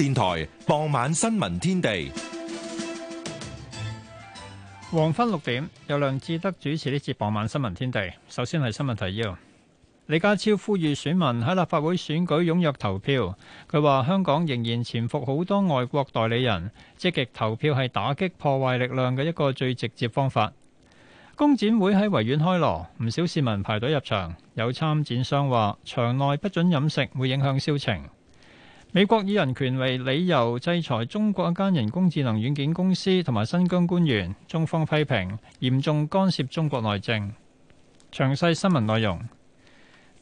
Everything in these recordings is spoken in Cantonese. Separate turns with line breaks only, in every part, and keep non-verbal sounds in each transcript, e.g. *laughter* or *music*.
電台傍晚新聞天地，黃昏六點由梁志德主持呢節傍晚新聞天地。首先係新聞提要，李家超呼籲選民喺立法會選舉踴躍投票。佢話香港仍然潛伏好多外國代理人，積極投票係打擊破壞力量嘅一個最直接方法。工展會喺維園開鑼，唔少市民排隊入場。有參展商話，場內不准飲食，會影響銷情。美國以人權為理由制裁中國一間人工智能軟件公司同埋新疆官員，中方批評嚴重干涉中國內政。詳細新聞內容，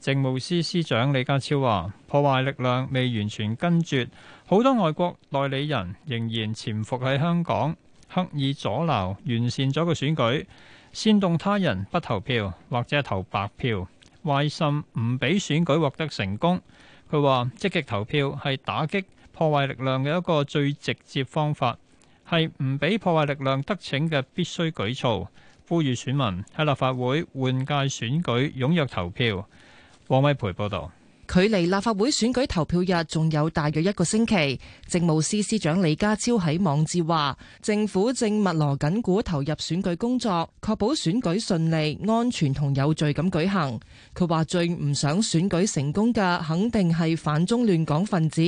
政務司司長李家超話：破壞力量未完全根絕，好多外國代理人仍然潛伏喺香港，刻意阻撓完善咗個選舉，煽動他人不投票或者投白票，壞心唔俾選舉獲得成功。佢話：積極投票係打擊破壞力量嘅一個最直接方法，係唔俾破壞力量得逞嘅必須舉措。呼籲選民喺立法會換屆選舉踴躍投票。王偉培報導。
距離立法會選舉投票日仲有大約一個星期，政務司司長李家超喺網誌話，政府正密鑼緊鼓投入選舉工作，確保選舉順利、安全同有序咁舉行。佢話最唔想選舉成功嘅，肯定係反中亂港分子，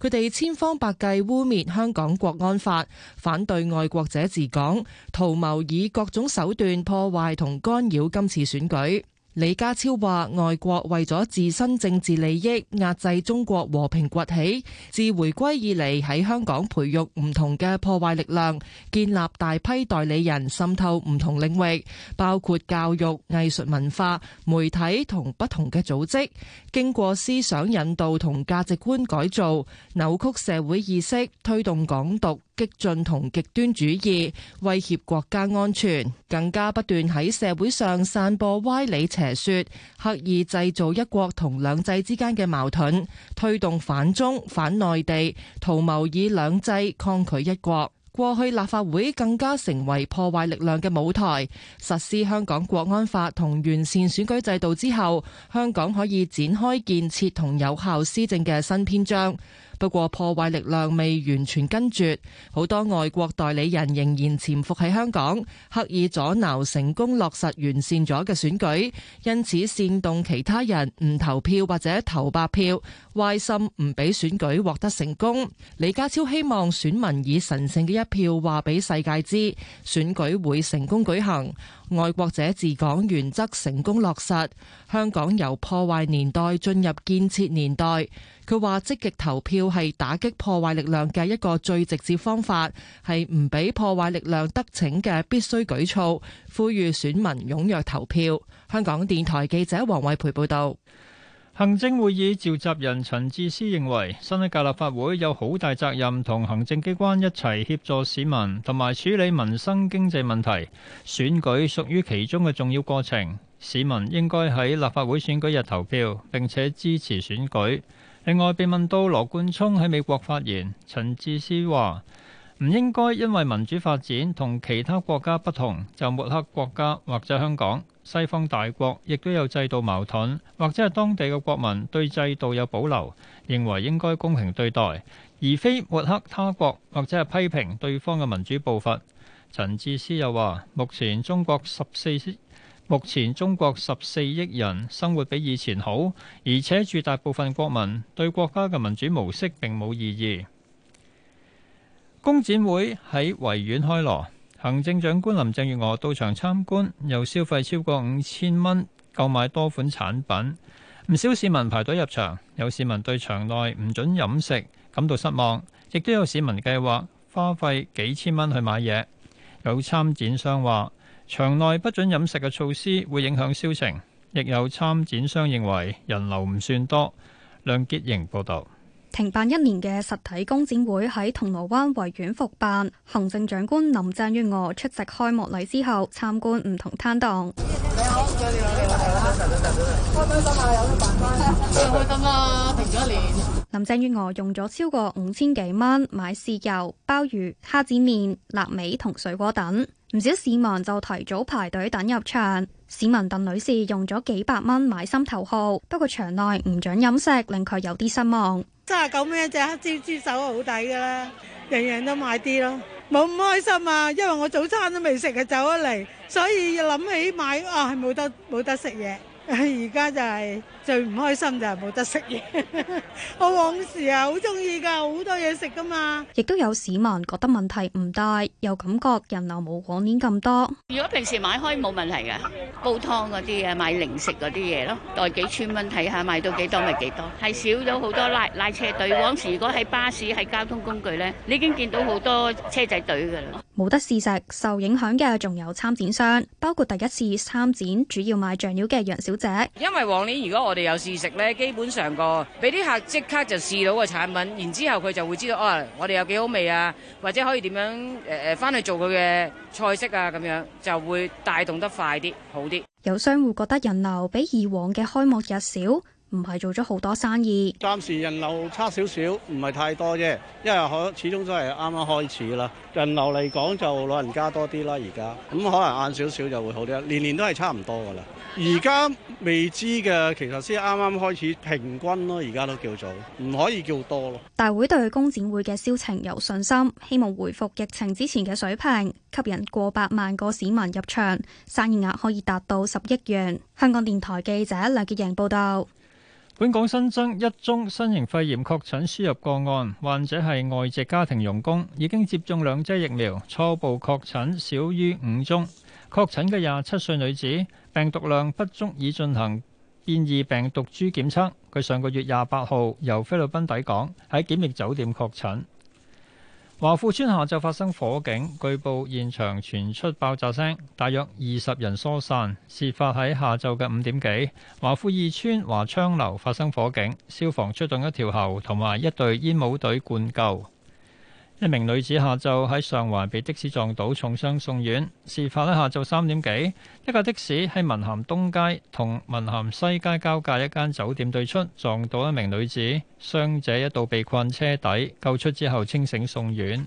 佢哋千方百計污衊香港國安法，反對愛國者治港，圖謀以各種手段破壞同干擾今次選舉。李家超話，外國為咗自身政治利益，壓制中國和平崛起。自回歸以嚟，喺香港培育唔同嘅破壞力量，建立大批代理人滲透唔同領域，包括教育、藝術、文化、媒體同不同嘅組織，經過思想引導同價值觀改造，扭曲社會意識，推動港獨、激進同極端主義，威脅國家安全。更加不斷喺社會上散播歪理邪邪說，刻意製造一國同兩制之間嘅矛盾，推動反中、反內地，圖謀以兩制抗拒一國。過去立法會更加成為破壞力量嘅舞台。實施香港國安法同完善選舉制度之後，香港可以展開建設同有效施政嘅新篇章。不過，破壞力量未完全根絕，好多外國代理人仍然潛伏喺香港，刻意阻撓成功落實完善咗嘅選舉，因此煽動其他人唔投票或者投白票，壞心唔俾選舉獲得成功。李家超希望選民以神聖嘅一票話俾世界知，選舉會成功舉行。愛國者治港原則成功落實，香港由破壞年代進入建設年代。佢話：積極投票係打擊破壞力量嘅一個最直接方法，係唔俾破壞力量得逞嘅必須舉措。呼籲選民踴躍投票。香港電台記者黃偉培報道。行政會
議召集人陳智思認為，新一屆立法會有好大責任同行政機關一齊協助市民同埋處理民生經濟問題。選舉屬於其中嘅重要過程，市民應該喺立法會選舉日投票並且支持選舉。另外，被問到羅冠聰喺美國發言，陳智思話唔應該因為民主發展同其他國家不同就抹黑國家或者香港。西方大國亦都有制度矛盾，或者係當地嘅國民對制度有保留，認為應該公平對待，而非抹黑他國或者係批評對方嘅民主步伐。陳智思又話：目前中國十四，目前中國十四億人生活比以前好，而且絕大部分國民對國家嘅民主模式並冇異議。公展會喺維園開鑼。行政長官林鄭月娥到場參觀，又消費超過五千蚊購買多款產品。唔少市民排隊入場，有市民對場內唔準飲食感到失望，亦都有市民計劃花費幾千蚊去買嘢。有參展商話，場內不准飲食嘅措施會影響銷情，亦有參展商認為人流唔算多。梁潔瑩報道。
停辦一年嘅實體工展會喺銅鑼灣維園復辦，行政長官林鄭月娥出席開幕禮之後參觀唔同攤檔。
停
咗一年。林鄭月娥用咗超過五千幾蚊買豉油、鮑魚、蝦子麵、臘味同水果等。唔少市民就提早排隊等入場。市民鄧女士用咗幾百蚊買心頭好，不過場內唔準飲食，令佢有啲失望。
七十九蚊一隻黑椒豬手好抵㗎啦，樣樣都買啲咯，冇咁開心啊，因為我早餐都未食就走咗嚟，所以要諗起買啊係冇得冇得食嘢。而家就係最唔開心就係冇得
食嘢。我往時啊，好中意噶，好多嘢食噶嘛。亦都有市民覺得問題唔大，又感覺人流冇往年咁多。
如果平時買開冇問題嘅，煲湯嗰啲嘢，買零食嗰啲嘢咯。代幾千蚊睇下買到幾多咪幾多，係少咗好多拉拉車隊。往時如果喺巴士喺交通工具呢，你已經見到好多車仔隊嘅啦。
冇得試食，受影響嘅仲有參展商，包括第一次參展主要賣醬料嘅楊少。
因為往年如果我哋有試食呢，基本上個俾啲客即刻就試到個產品，然之後佢就會知道啊、哦，我哋有幾好味啊，或者可以點樣誒誒，返、呃、去做佢嘅菜式啊，咁樣就會帶動得快啲，好啲。
有商戶覺得人流比以往嘅開幕日少。唔係做咗好多生意，
暫時人流差少少，唔係太多啫。因為可始終都係啱啱
開始啦。人流嚟講就老人家多啲啦。而家咁可能晏少少就會好啲，年年都係差唔多噶啦。而家未知嘅其實先啱啱開始，平均咯，而家都叫做唔可以叫多咯。
大會對工展會嘅銷情有信心，希望回復疫情之前嘅水平，吸引過百萬個市民入場，生意額可以達到十億元。香港電台記者梁潔瑩報導。本港新
增一宗新型肺炎確診輸入個案，患者係外籍家庭傭工，已經接種兩劑疫苗，初步確診少於五宗。確診嘅廿七歲女子，病毒量不足以進行變異病毒株檢測，佢上個月廿八號由菲律賓抵港，喺檢疫酒店確診。華富村下晝發生火警，據報現場傳出爆炸聲，大約二十人疏散。事發喺下晝嘅五點幾，華富二村華昌樓發生火警，消防出動一條喉同埋一隊煙霧隊灌救。一名女子下晝喺上環被的士撞倒，重傷送院。事發喺下晝三點幾，一架的士喺文咸東街同文咸西街交界一間酒店對出撞到一名女子，傷者一度被困車底，救出之後清醒送院。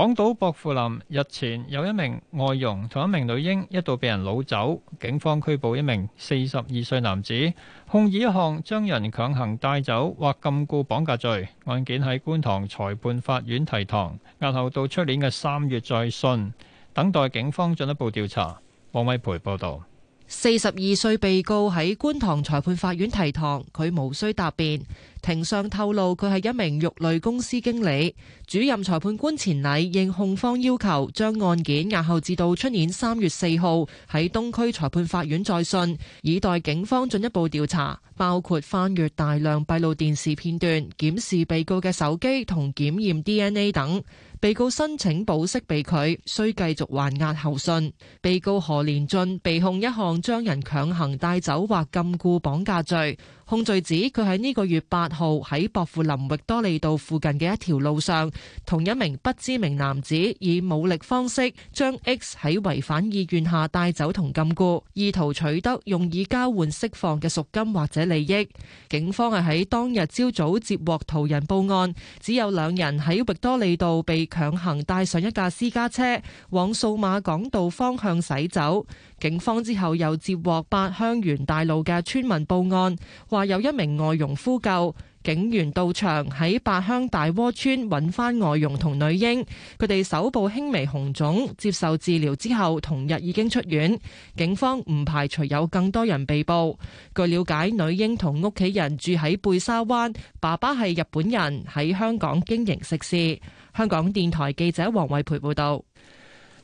港島薄扶林日前有一名外佣同一名女嬰一度被人擄走，警方拘捕一名四十二歲男子，控以一項將人強行帶走或禁錮綁架罪。案件喺觀塘裁判法院提堂，押後到出年嘅三月再訊，等待警方進一步調查。王偉培報道。
四十二歲被告喺觀塘裁判法院提堂，佢無需答辯。庭上透露佢係一名肉類公司經理。主任裁判官錢禮應控方要求，將案件押後至到出年三月四號喺東區裁判法院再訊，以待警方進一步調查，包括翻閱大量閉路電視片段、檢視被告嘅手機同檢驗 DNA 等。被告申請保釋被拒，需繼續還押候訊。被告何連俊被控一項將人強行帶走或禁錮、綁架罪。控罪指佢喺呢個月八號喺薄扶林域多利道附近嘅一條路上，同一名不知名男子以武力方式將 X 喺違反意願下帶走同禁錮，意圖取得用以交換釋放嘅贖金或者利益。警方係喺當日朝早接獲途人報案，只有兩人喺域多利道被強行帶上一架私家車，往數碼港道方向駛走。警方之後又接獲八鄉元大路嘅村民報案，話有一名外傭呼救，警員到場喺八鄉大窩村揾翻外佣同女嬰，佢哋手部輕微紅腫。接受治療之後同日已經出院。警方唔排除有更多人被捕。據了解，女嬰同屋企人住喺貝沙灣，爸爸係日本人喺香港經營食肆。香港電台記者黃偉培報道。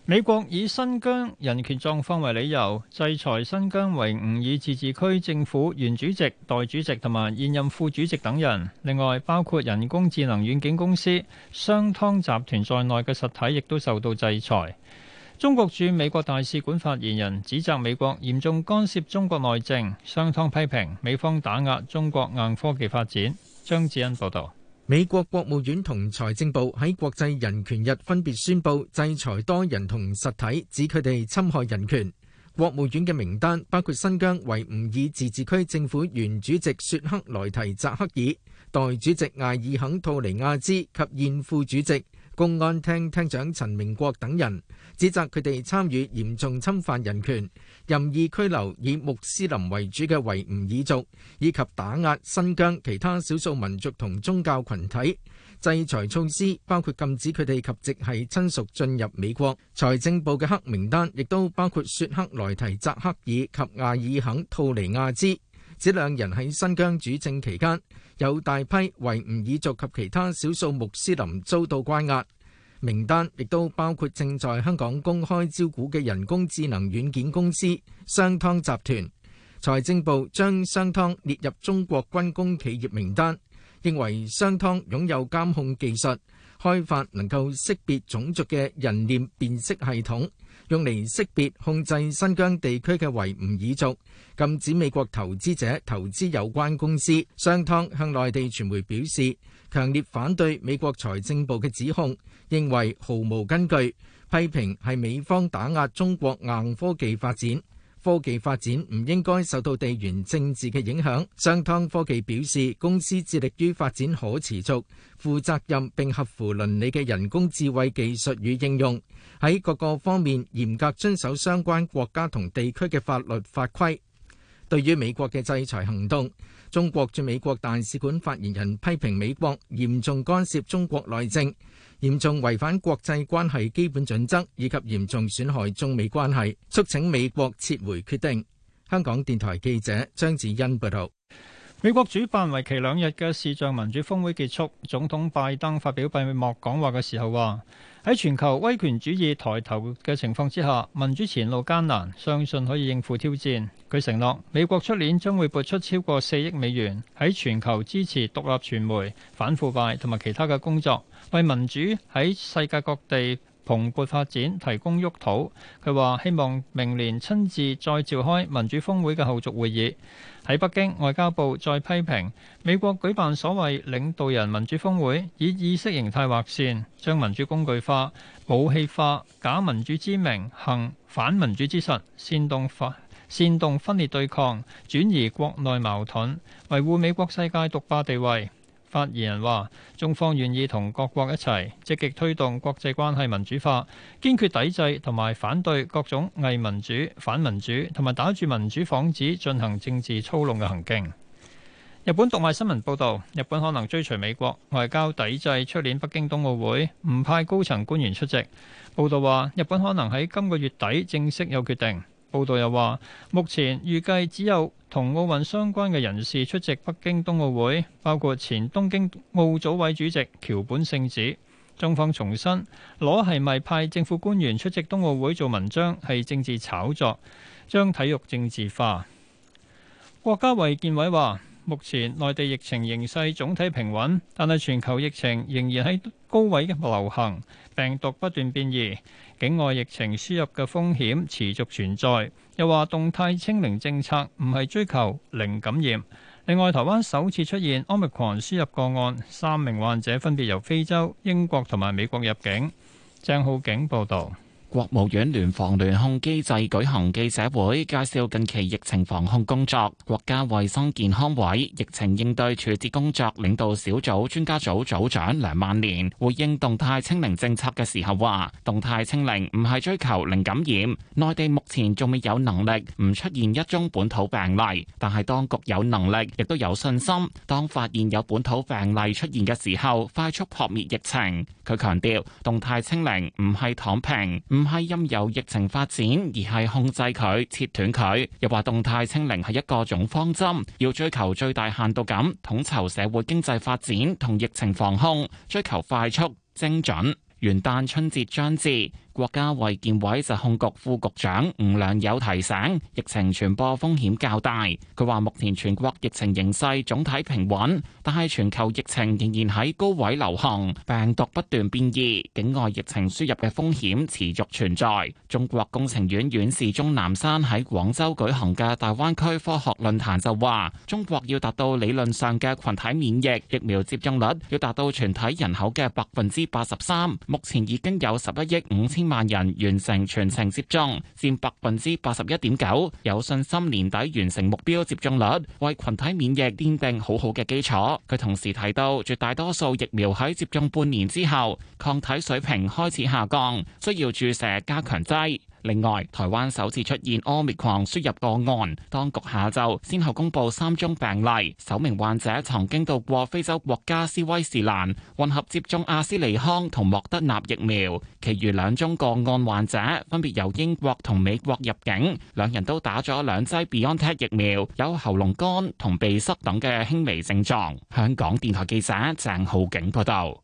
美國以新疆
人權狀況為理由制裁新疆維吾爾自治區政府原主席、代主席同埋現任副主席等人。另外，包括人工智能軟件公司商湯集團在內嘅實體亦都受到制裁。中國駐美國大使館發言人指責美國嚴重干涉中國內政，商湯批評美方打壓中國
硬科技發展。張智恩報道。美國國務院同財政部喺國際人權日分別宣布制裁多人同實體，指佢哋侵害人權。國務院嘅名單包括新疆維吾爾自治區政府原主席雪克萊提扎克爾、代主席艾爾肯吐尼亞孜及現副主席、公安廳廳廳長陳明國等人。指責佢哋參與嚴重侵犯人權、任意拘留以穆斯林為主嘅維吾爾族，以及打壓新疆其他少數民族同宗教群體。制裁措施包括禁止佢哋及直系親屬進入美國。財政部嘅黑名單亦都包括雪克萊提扎克爾及亞爾肯吐尼亞茲。指兩人喺新疆主政期間，有大批維吾爾族及其他少數穆斯林遭到關押。名單亦都包括正在香港公開招股嘅人工智能軟件公司商湯集團。財政部將商湯列入中國軍工企業名單，認為商湯擁有監控技術，開發能夠識別種族嘅人臉辨識系統。用嚟識別控制新疆地區嘅維吾爾族，禁止美國投資者投資有關公司。商湯向內地傳媒表示，強烈反對美國財政部嘅指控，認為毫無根據，批評係美方打壓中國硬科技發展。科技發展唔應該受到地緣政治嘅影響。商湯科技表示，公司致力於發展可持續、負責任並合乎倫理嘅人工智慧技術與應用，喺各個方面嚴格遵守相關國家同地區嘅法律法規。對於美國嘅制裁行動，中國駐美國大使館發言人批評美國嚴重干涉中國內政。嚴重違反國際關係基本準則，以及嚴重損害中美關係，促請美國撤回決定。香港電台記者張子欣報道。美國主辦
為期兩日嘅視像民主峰會結束，總統拜登發表閉幕講話嘅時候話：喺全球威權主義抬頭嘅情況之下，民主前路艱難，相信可以應付挑戰。佢承諾，美國出年將會撥出超過四億美元，喺全球支持獨立傳媒、反腐敗同埋其他嘅工作，為民主喺世界各地。蓬勃發展，提供沃土。佢話希望明年親自再召開民主峰會嘅後續會議。喺北京，外交部再批評美國舉辦所謂領導人民主峰會，以意識形態劃線，將民主工具化、武器化，假民主之名行反民主之實，煽動煽動分裂對抗，轉移國內矛盾，維護美國世界獨霸地位。發言人話，中方願意同各國一齊積極推動國際關係民主化，堅決抵制同埋反對各種偽民主、反民主同埋打住民主幌子進行政治操弄嘅行徑。日本讀賣新聞報道，日本可能追隨美國外交抵制出年北京冬奧會，唔派高層官員出席。報道話，日本可能喺今個月底正式有決定。報道又話，目前預計只有同奧運相關嘅人士出席北京冬奧會，包括前東京奧組委主席橋本聖子。中方重申，攞係咪派政府官員出席冬奧會做文章，係政治炒作，將體育政治化。國家衛健委話，目前內地疫情形勢總體平穩，但係全球疫情仍然喺高位嘅流行，病毒不斷變異，境外疫情輸入嘅風險持續存在。又話動態清零政策唔係追求零感染。另外，台灣首次出現奧密克戎輸入個案，三名患者分別由非洲、英國同埋美國入境。鄭浩景報導。國
務院聯防聯控機制舉行記者會，介紹近期疫情防控工作。國家衛生健康委疫情應對處置工作領導小組專家組組長梁萬年回應動態清零政策嘅時候話，動態清零唔係追求零感染，內地目前仲未有能力唔出現一宗本土病例，但係當局有能力，亦都有信心，當發現有本土病例出現嘅時候，快速撲滅疫情。佢強調，動態清零唔係躺平，係因有疫情發展而係控制佢，切斷佢。又話動態清零係一個總方針，要追求最大限度咁統籌社會經濟發展同疫情防控，追求快速精準。元旦春節將至。國家衛健委疾控局副局長吳良有提醒，疫情傳播風險較大。佢話目前全國疫情形勢總體平穩，但係全球疫情仍然喺高位流行，病毒不斷變異，境外疫情輸入嘅風險持續存在。中國工程院院士鍾南山喺廣州舉行嘅大灣區科學論壇就話，中國要達到理論上嘅群體免疫，疫苗接種率要達到全體人口嘅百分之八十三。目前已經有十一億五千。萬人完成全程接種，佔百分之八十一點九，有信心年底完成目標接種率，為群體免疫奠定好好嘅基礎。佢同時提到，絕大多數疫苗喺接種半年之後，抗體水平開始下降，需要注射加強劑。另外，台灣首次出現 Omicron 輸入個案，當局下晝先後公布三宗病例，首名患者曾經到過非洲國家斯威士蘭，混合接種阿斯利康同莫德納疫苗，其餘兩宗個案患者分別由英國同美國入境，兩人都打咗兩劑 BioNTech 疫苗，有喉嚨乾同鼻塞等嘅輕微症
狀。香港電台記者鄭浩景報道。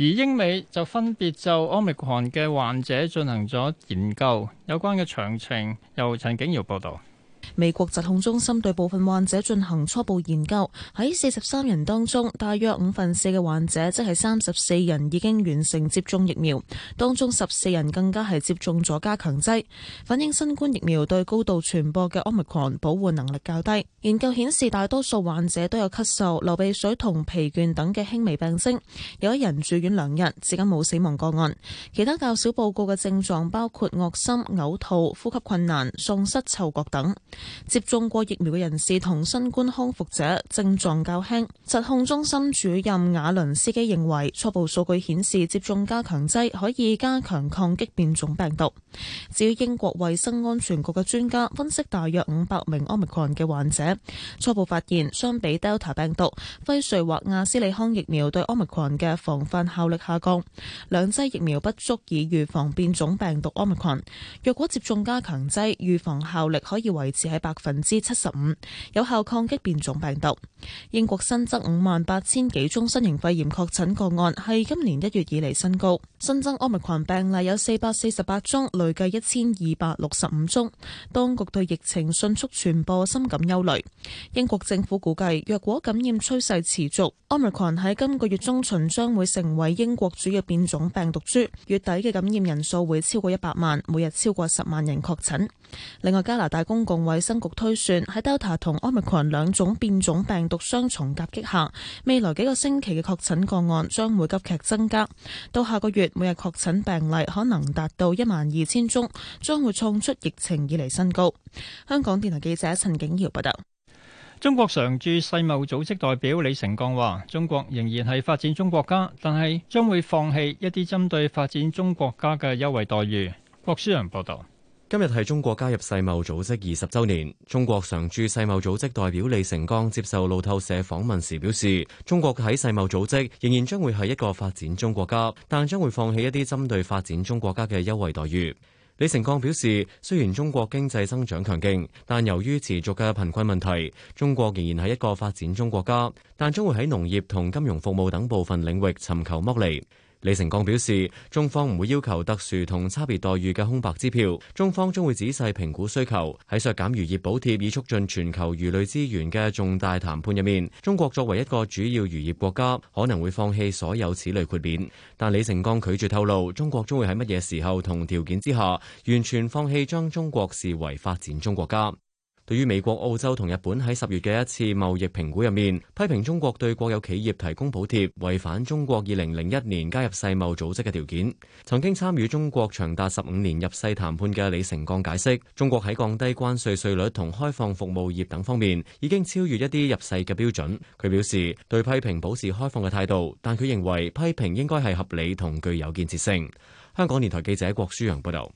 而英美就分別就 Omicron 嘅患者進行咗研究，有關嘅詳情由陳景瑤報道。
美國疾控中心對部分患者進行初步研究，喺四十三人當中，大約五分四嘅患者即係三十四人已經完成接種疫苗，當中十四人更加係接種咗加強劑，反映新冠疫苗對高度傳播嘅 Omicron 保護能力較低。研究顯示，大多數患者都有咳嗽、流鼻水同疲倦等嘅輕微病徵，有一人住院兩日，至今冇死亡個案。其他較少報告嘅症狀包括惡心、嘔吐、呼吸困難、喪失嗅覺等。接種過疫苗嘅人士同新冠康復者症狀較輕。疾控中心主任瓦倫斯基認為，初步數據顯示接種加強劑可以加強抗擊變種病毒。至於英國衛生安全局嘅專家分析，大約五百名 Omicron 嘅患者，初步發現相比 Delta 病毒，輝瑞或阿斯利康疫苗對 Omicron 嘅防範效力下降，兩劑疫苗不足以預防變種病毒 Omicron。若果接種加強劑，預防效力可以維持。是喺百分之七十五，有效抗擊變種病毒。英國新增五萬八千幾宗新型肺炎確診個案，係今年一月以嚟新高。新增奧密克戎病例有四百四十八宗，累計一千二百六十五宗。當局對疫情迅速傳播深感憂慮。英國政府估計，若果感染趨勢持續，奧密克戎喺今個月中旬將會成為英國主要變種病毒株。月底嘅感染人數會超過一百萬，每日超過十萬人確診。另外，加拿大公共衛生局推算喺 Delta 同 Omicron 兩種變種病毒雙重夾擊下，未來幾個星期嘅確診個案將會急劇增加，到下個月每日確診病例可能達到一萬二千宗，將會創出疫情以嚟新高。香港電台記者陳景瑤報道。
中國常駐世貿組織代表李成剛話，中國仍然係發展中國家，但係將會放棄一啲針對發展中國家嘅優惠待遇。郭書陽報道。今日係
中國加入世貿組織二十週年。中國常駐世貿組織代表李成剛接受路透社訪問時表示，中國喺世貿組織仍然將會係一個發展中國家，但將會放棄一啲針對發展中國家嘅優惠待遇。李成剛表示，雖然中國經濟增長強勁，但由於持續嘅貧困問題，中國仍然係一個發展中國家，但將會喺農業同金融服務等部分領域尋求剝離。李成鋼表示，中方唔會要求特殊同差別待遇嘅空白支票，中方將會仔細評估需求。喺削減漁業補貼以促進全球魚類資源嘅重大談判入面，中國作為一個主要漁業國家，可能會放棄所有此類豁免。但李成鋼拒絕透露，中國將會喺乜嘢時候同條件之下完全放棄將中國視為發展中國家。對於美國、澳洲同日本喺十月嘅一次貿易評估入面，批評中國對國有企業提供補貼，違反中國二零零一年加入世貿組織嘅條件。曾經參與中國長達十五年入世談判嘅李成鋼解釋，中國喺降低關稅稅率同開放服務業等方面已經超越一啲入世嘅標準。佢表示對批評保持開放嘅態度，但佢認為批評應該係合理
同具有建設性。香港電台記者郭舒揚報道。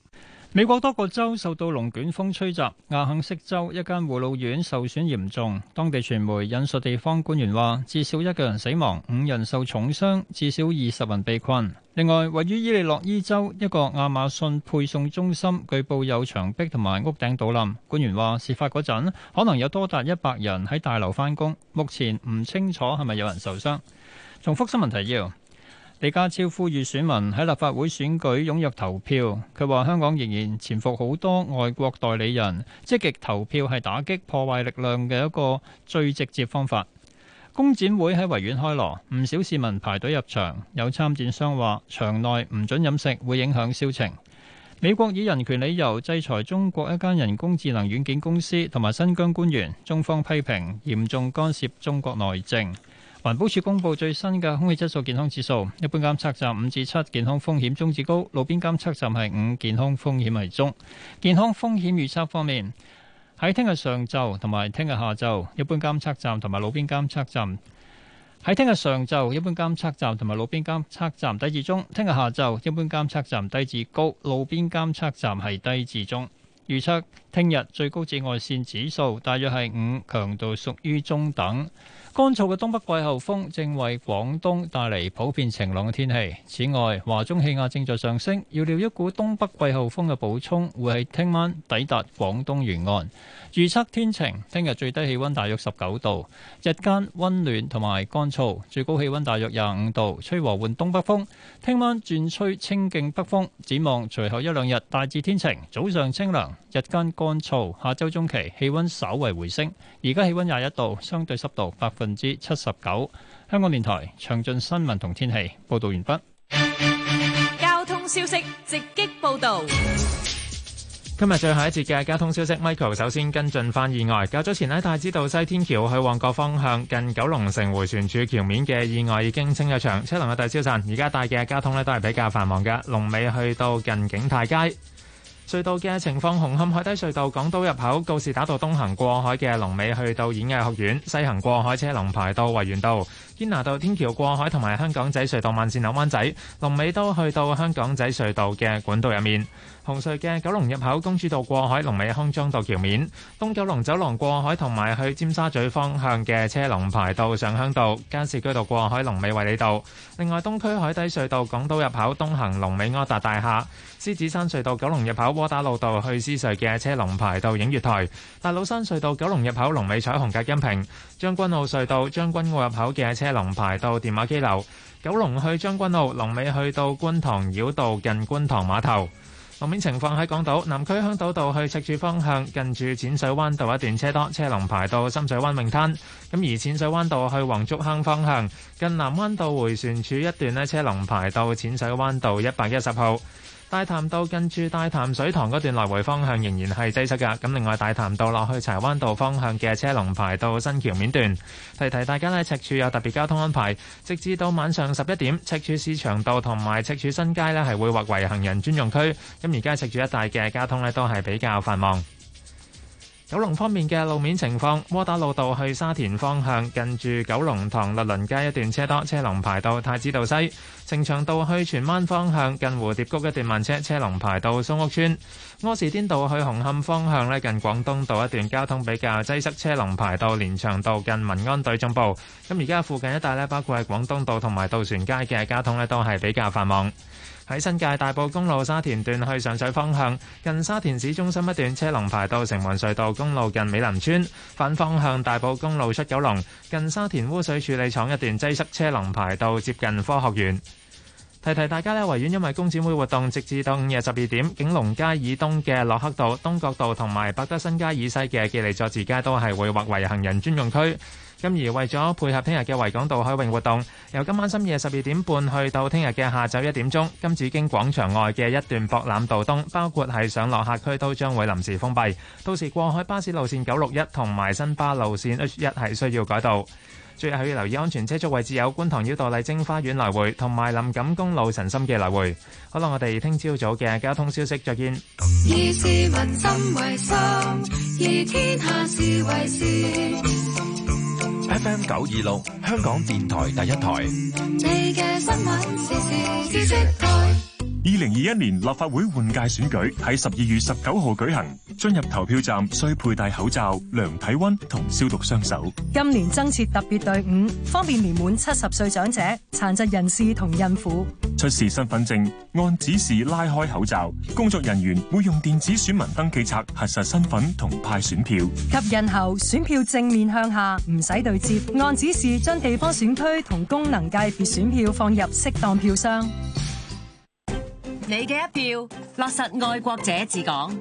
美國多個州受到龍捲風吹襲，亞肯色州一間護老院受損嚴重。當地傳媒引述地方官員話，至少一個人死亡，五人受重傷，至少二十人被困。另外，位於伊利諾伊州一個亞馬遜配送中心，據報有牆壁同埋屋頂倒冧。官員話，事發嗰陣可能有多達一百人喺大樓翻工，目前唔清楚係咪有人受傷。重複新聞提要。李家超呼籲選民喺立法會選舉踴躍投票。佢話，香港仍然潛伏好多外國代理人，積極投票係打擊破壞力量嘅一個最直接方法。公展會喺維園開鑼，唔少市民排隊入場。有參展商話，場內唔準飲食會影響銷情。美國以人權理由制裁中國一間人工智能軟件公司同埋新疆官員，中方批評嚴重干涉中國內政。環保署公布最新嘅空氣質素健康指數，一般監測站五至七，健康風險中至高；路邊監測站係五，健康風險係中。健康風險預測方面，喺聽日上晝同埋聽日下晝，一般監測站同埋路邊監測站喺聽日上晝一般監測站同埋路邊監測站低至中；聽日下晝一般監測站低至高，路邊監測站係低至中。預測聽日最高紫外線指數大約係五，強度屬於中等。乾燥嘅東北季候風正為廣東帶嚟普遍晴朗嘅天氣。此外，華中氣壓正在上升，預料一股東北季候風嘅補充會喺聽晚抵達廣東沿岸。預測天晴，聽日最低氣温大約十九度，日間温暖同埋乾燥，最高氣温大約廿五度，吹和緩東北風。聽晚轉吹清勁北風，展望隨後一兩日大致天晴，早上清涼，日間乾燥。下周中期氣温稍為回升，而家氣温廿一度，相對濕度百分分之七十九。香港電台詳盡新聞同天氣報道完畢。
交通消息直擊報道。
今日最
後一節嘅交通消息，Michael 首先跟進翻。意外較早前喺太子道西天橋去旺角方向，近九龍城迴旋處橋面嘅意外已經清咗場，車龍嘅大消散。而家帶嘅交通咧都係比較繁忙嘅，龍尾去到近景泰街。隧道嘅情況，紅磡海底隧道港島入口，告士打道東行過海嘅龍尾去到演藝學院，西行過海車龍排到維園道。堅拿道天橋過海同埋香港仔隧道慢線扭灣仔龍尾都去到香港仔隧道嘅管道入面。紅隧嘅九龍入口，公主道過海龍尾，康莊道橋面。東九龍走廊過海同埋去尖沙咀方向嘅車龍排到上鄉道，加士居道過海龍尾衛理道。另外東區海底隧道港島入口，東行龍尾柯達大廈。獅子山隧道九龍入口，窩打老道去獅隧嘅車龍排到影月台。大老山隧道九龍入口，龍尾彩虹隔音屏。將軍澳隧道將軍澳入口嘅車龍排到電話機樓，九龍去將軍澳龍尾去到觀塘繞道近觀塘碼頭。路面情況，喺港島南區香島道去赤柱方向，近住淺水灣道一段車多，車龍排到深水灣泳灘。咁而淺水灣道去黃竹坑方向，近南灣道迴旋處一段咧，車龍排到淺水灣道一百一十號。大潭道近住大潭水塘嗰段，來回方向仍然係擠塞噶，咁另外大潭道落去柴灣道方向嘅車龍排到新橋面段。提提大家咧，赤柱有特別交通安排，直至到晚上十一點，赤柱市場道同埋赤柱新街咧係會劃為行人專用區，咁而家赤柱一帶嘅交通咧都係比較繁忙。九龍方面嘅路面情況，窩打老道去沙田方向，近住九龍塘立倫街一段車多，車龍排到太子道西；呈祥道去荃灣方向，近蝴蝶谷一段慢車，車龍排到松屋村；柯士甸道去紅磡方向咧，近廣東道一段交通比較擠塞，車龍排到連翔道近民安隊總部。咁而家附近一帶咧，包括係廣東道同埋渡船街嘅交通咧，都係比較繁忙。喺新界大埔公路沙田段去上水方向，近沙田市中心一段車龍排到城門隧道公路近美林邨。反方向大埔公路出九龍近沙田污水處理廠一段擠塞，車龍排到接近科學園。提提大家咧，維園因為工展會活動，直至到午夜十二點，景隆街以東嘅洛克道、東角道同埋百德新街以西嘅記利佐治街都係會劃為行人專用區。今而為咗配合聽日嘅維港渡海泳活動，由今晚深夜12點半去到聽日嘅下晝一點鐘，金紫荊廣場外嘅一段博覽道東，包括係上落客區都將會臨時封閉。到時過海巴士路線961同埋新巴路線 H1 係需要改道。最後要留意安全車速位置，有觀塘繞道、麗晶花園來回，同埋林錦公路神心嘅來回。好啦，我哋聽朝早嘅交通消息再見。FM 九二六，香港電台第一台。 *music* 二零二一年立法會換屆選舉喺十二月十九號舉行。進入投票站需佩戴口罩、量體溫同消毒雙手。
今年增設特別隊伍，方便年滿七十歲長者、殘疾人士同孕婦。
出示身份證，按指示拉開口罩。工作人員會用電子選民登記冊核實身份同派選票。
及印後，選票正面向下，唔使對接。按指示將地方選區同功能界別選票放入適當票箱。你嘅一票，落實愛國者治港。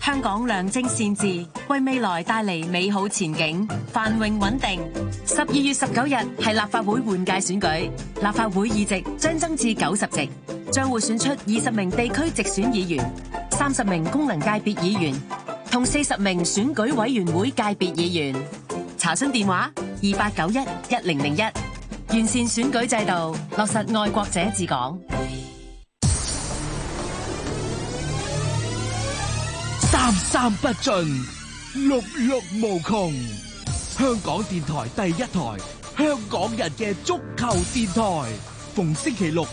香港良政善治，為未來帶嚟美好前景，繁榮穩定。十二
三不盡，六六無窮。香港電台第
一台，香港人嘅足球電台，逢星期六。